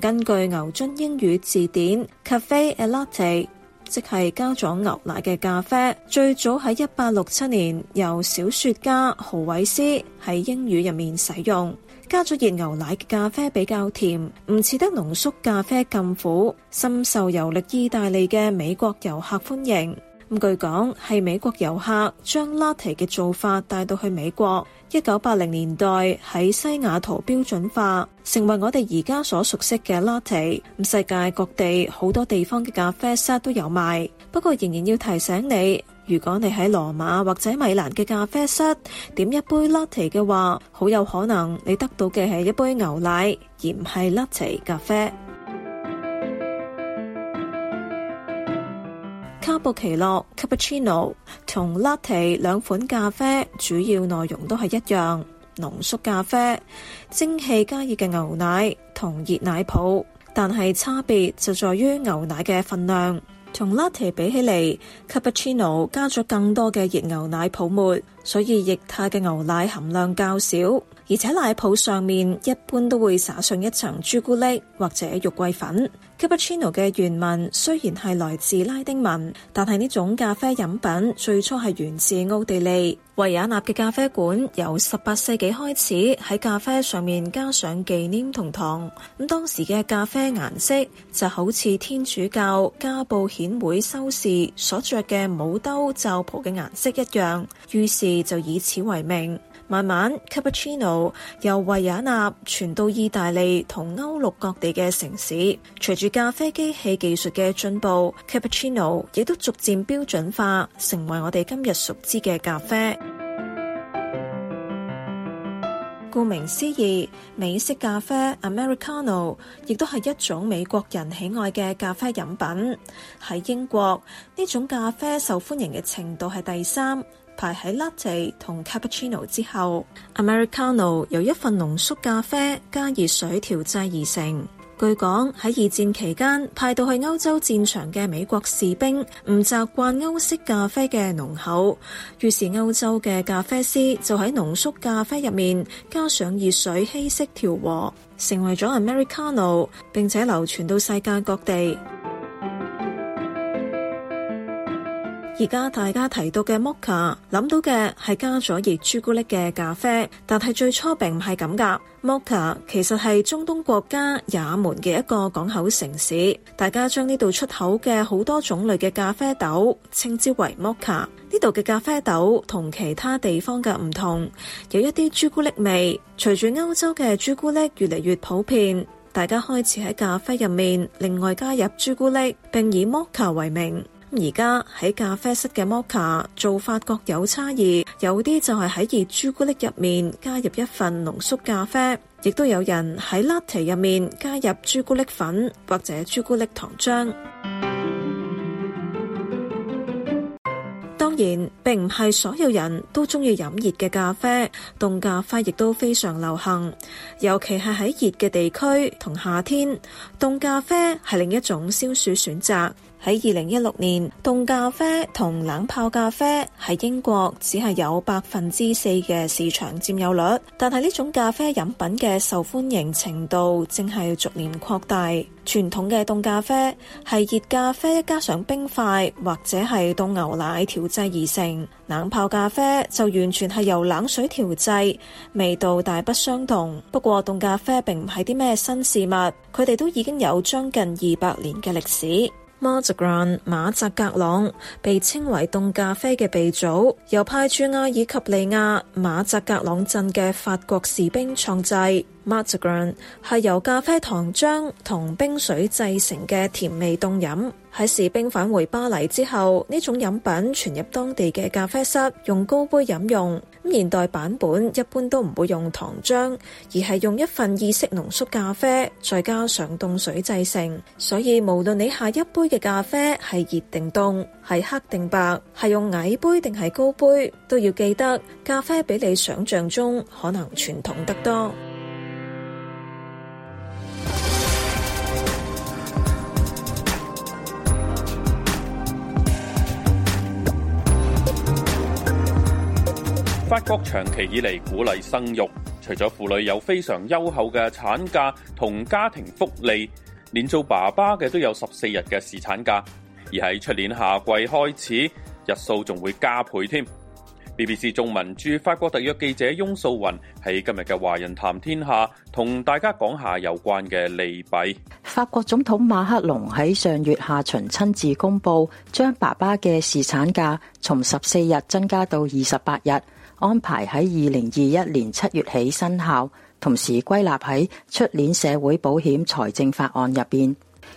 根據牛津英語字典，cafe latte。即係加咗牛奶嘅咖啡，最早喺一八六七年由小說家豪韋斯喺英語入面使用。加咗熱牛奶嘅咖啡比較甜，唔似得濃縮咖啡咁苦，深受遊歷意大利嘅美國遊客歡迎。根據講係美國遊客將 Latte 嘅做法帶到去美國。一九八零年代喺西雅圖標準化，成為我哋而家所熟悉嘅 Latte。世界各地好多地方嘅咖啡室都有賣，不過仍然要提醒你，如果你喺羅馬或者米蘭嘅咖啡室點一杯 Latte 嘅話，好有可能你得到嘅係一杯牛奶，而唔係 Latte 咖啡。卡布奇諾 （cappuccino） 同 latte 兩款咖啡，主要內容都係一樣，濃縮咖啡、蒸汽加熱嘅牛奶同熱奶泡，但係差別就在於牛奶嘅分量。同 latte 比起嚟，cappuccino 加咗更多嘅熱牛奶泡沫，所以液態嘅牛奶含量較少，而且奶泡上面一般都會灑上一層朱古力或者肉桂粉。Cappuccino 嘅原文雖然係來自拉丁文，但係呢種咖啡飲品最初係源自奧地利維也納嘅咖啡館。由十八世紀開始喺咖啡上面加上忌廉同糖咁，當時嘅咖啡顏色就好似天主教加布遣會修士所着嘅帽兜罩袍嘅顏色一樣，於是就以此為名。慢慢，Cappuccino 由維也納傳到意大利同歐陸各地嘅城市。隨住咖啡機器技術嘅進步，Cappuccino 亦都逐漸標準化，成為我哋今日熟知嘅咖啡。 顧名思義，美式咖啡 Americano 亦都係一種美國人喜愛嘅咖啡飲品。喺英國，呢種咖啡受歡迎嘅程度係第三。排喺拿鐵同 cappuccino 之後，Americano 由一份濃縮咖啡加熱水調製而成。據講，喺二戰期間派到去歐洲戰場嘅美國士兵唔習慣歐式咖啡嘅濃厚，於是歐洲嘅咖啡師就喺濃縮咖啡入面加上熱水稀釋調和，成為咗 Americano，並且流傳到世界各地。而家大家提到嘅摩卡，諗到嘅係加咗熱朱古力嘅咖啡，但係最初並唔係咁噶。摩卡其實係中東國家也門嘅一個港口城市，大家將呢度出口嘅好多種類嘅咖啡豆稱之為摩卡。呢度嘅咖啡豆同其他地方嘅唔同，有一啲朱古力味。隨住歐洲嘅朱古力越嚟越普遍，大家開始喺咖啡入面另外加入朱古力，並以摩卡為名。而家喺咖啡室嘅摩卡做法各有差異，有啲就係喺熱朱古力入面加入一份濃縮咖啡，亦都有人喺拿鐵入面加入朱古力粉或者朱古力糖漿。 當然，並唔係所有人都中意飲熱嘅咖啡，凍咖啡亦都非常流行，尤其係喺熱嘅地區同夏天，凍咖啡係另一種消暑選擇。喺二零一六年，凍咖啡同冷泡咖啡喺英國只係有百分之四嘅市場佔有率。但係呢種咖啡飲品嘅受歡迎程度正係逐年擴大。傳統嘅凍咖啡係熱咖啡加上冰塊或者係凍牛奶調製而成，冷泡咖啡就完全係由冷水調製，味道大不相同。不過，凍咖啡並唔係啲咩新事物，佢哋都已經有將近二百年嘅歷史。馬澤格朗（ as, 馬澤格朗）被稱為凍咖啡嘅鼻祖，由派駐阿爾及利亞馬澤格朗鎮嘅法國士兵創製。Matagran 係由咖啡糖漿同冰水製成嘅甜味凍飲。喺士兵返回巴黎之後，呢種飲品傳入當地嘅咖啡室，用高杯飲用。咁現代版本一般都唔會用糖漿，而係用一份意式濃縮咖啡，再加上凍水製成。所以無論你下一杯嘅咖啡係熱定凍，係黑定白，係用矮杯定係高杯，都要記得咖啡比你想象中可能傳統得多。法國長期以嚟鼓勵生育，除咗婦女有非常優厚嘅產假同家庭福利，連做爸爸嘅都有十四日嘅侍產假，而喺出年夏季開始，日數仲會加倍添。BBC 中文駐法國特約記者翁素云喺今日嘅《華人談天下》同大家講下有關嘅利弊。法國總統馬克龍喺上月下旬親自公布，將爸爸嘅侍產假從十四日增加到二十八日，安排喺二零二一年七月起生效，同時歸納喺出年社會保險財政法案入邊。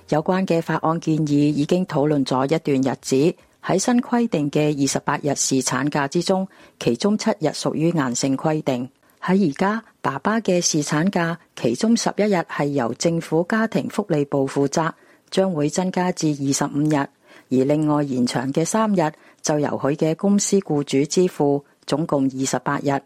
有關嘅法案建議已經討論咗一段日子。喺新規定嘅二十八日侍產假之中，其中七日屬於硬性規定。喺而家，爸爸嘅侍產假其中十一日係由政府家庭福利部負責，將會增加至二十五日，而另外延長嘅三日就由佢嘅公司僱主支付，總共二十八日。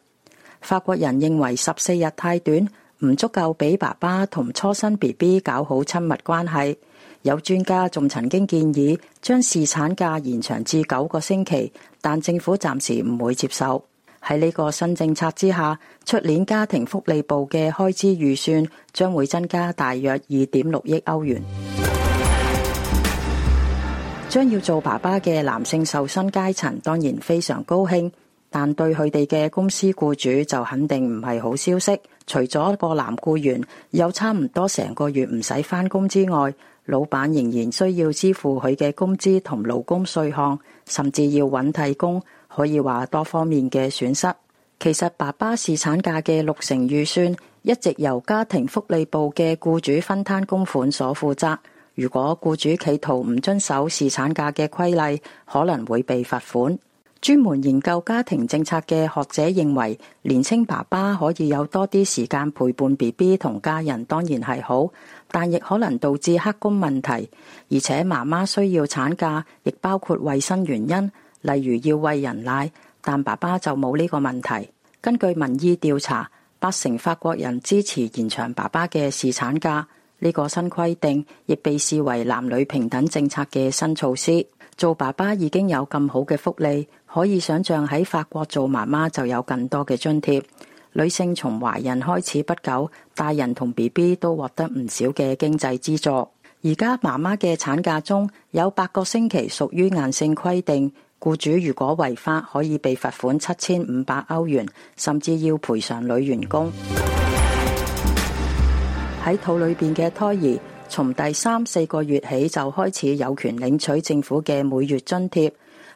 法國人認為十四日太短，唔足夠俾爸爸同初生 BB 搞好親密關係。有專家仲曾經建議將侍產假延長至九個星期，但政府暫時唔會接受。喺呢個新政策之下，出年家庭福利部嘅開支預算將會增加大約二點六億歐元。將要做爸爸嘅男性受薪階層當然非常高興，但對佢哋嘅公司僱主就肯定唔係好消息。除咗個男僱員有差唔多成個月唔使返工之外，老闆仍然需要支付佢嘅工資同勞工稅項，甚至要揾替工，可以話多方面嘅損失。其實爸爸侍產假嘅六成預算，一直由家庭福利部嘅雇主分攤供款所負責。如果雇主企圖唔遵守侍產假嘅規例，可能會被罰款。專門研究家庭政策嘅學者認為，年青爸爸可以有多啲時間陪伴 BB 同家人，當然係好，但亦可能導致客工問題。而且媽媽需要產假，亦包括衛生原因，例如要餵人奶，但爸爸就冇呢個問題。根據民意調查，八成法國人支持延長爸爸嘅侍產假。呢個新規定亦被視為男女平等政策嘅新措施。做爸爸已經有咁好嘅福利，可以想象喺法國做媽媽就有更多嘅津貼。女性從懷孕開始不久，大人同 BB 都獲得唔少嘅經濟資助。而家媽媽嘅產假中有八個星期屬於硬性規定，僱主如果違法可以被罰款七千五百歐元，甚至要賠償女員工喺肚裏邊嘅胎兒。從第三四個月起就開始有權領取政府嘅每月津貼，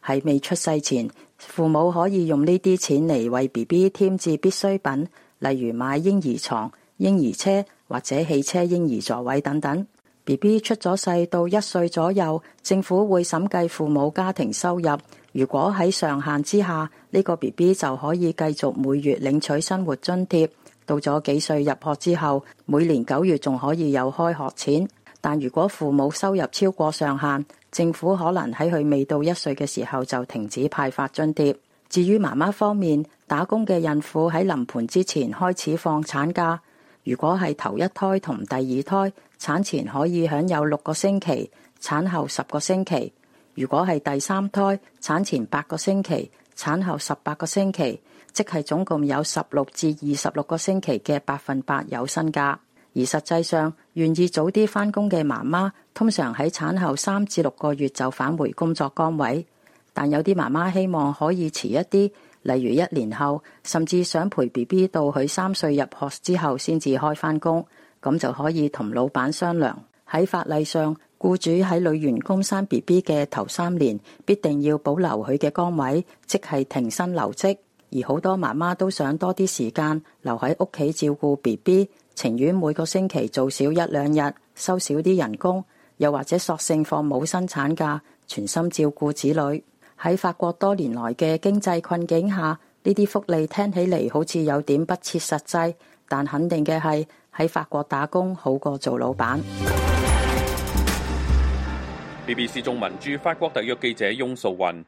喺未出世前，父母可以用呢啲錢嚟為 B B 添置必需品，例如買嬰兒床、嬰兒車或者汽車嬰兒座位等等。B B 出咗世到一歲左右，政府會審計父母家庭收入，如果喺上限之下，呢個 B B 就可以繼續每月領取生活津貼。到咗幾歲入學之後，每年九月仲可以有開學錢。但如果父母收入超過上限，政府可能喺佢未到一歲嘅時候就停止派發津貼。至於媽媽方面，打工嘅孕婦喺臨盆之前開始放產假。如果係頭一胎同第二胎，產前可以享有六個星期，產後十個星期。如果係第三胎，產前八個星期，產後十八個星期。即係總共有十六至二十六個星期嘅百分百有薪假，而實際上願意早啲返工嘅媽媽通常喺產後三至六個月就返回工作崗位，但有啲媽媽希望可以遲一啲，例如一年後，甚至想陪 B B 到佢三歲入學之後先至開返工，咁就可以同老闆商量。喺法例上，僱主喺女員工生 B B 嘅頭三年必定要保留佢嘅崗位，即係停薪留職。而好多媽媽都想多啲時間留喺屋企照顧 B B，情願每個星期做少一兩日，收少啲人工，又或者索性放冇生產假，全心照顧子女。喺法國多年來嘅經濟困境下，呢啲福利聽起嚟好似有點不切實際，但肯定嘅係喺法國打工好過做老闆。B B C 中文駐法國特約記者翁素雲。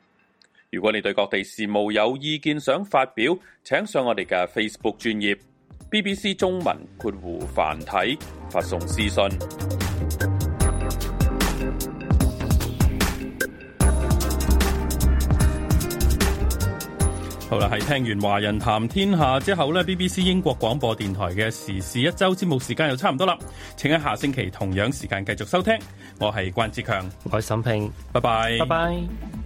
如果你對各地事務有意見想發表，請上我哋嘅 Facebook 專頁 BBC 中文括弧繁體發送私信。好啦，係聽完華人談天下之後呢 BBC 英國廣播電台嘅時事一周節目時間又差唔多啦，請喺下星期同樣時間繼續收聽。我係關志強，我係沈平，拜拜，拜拜。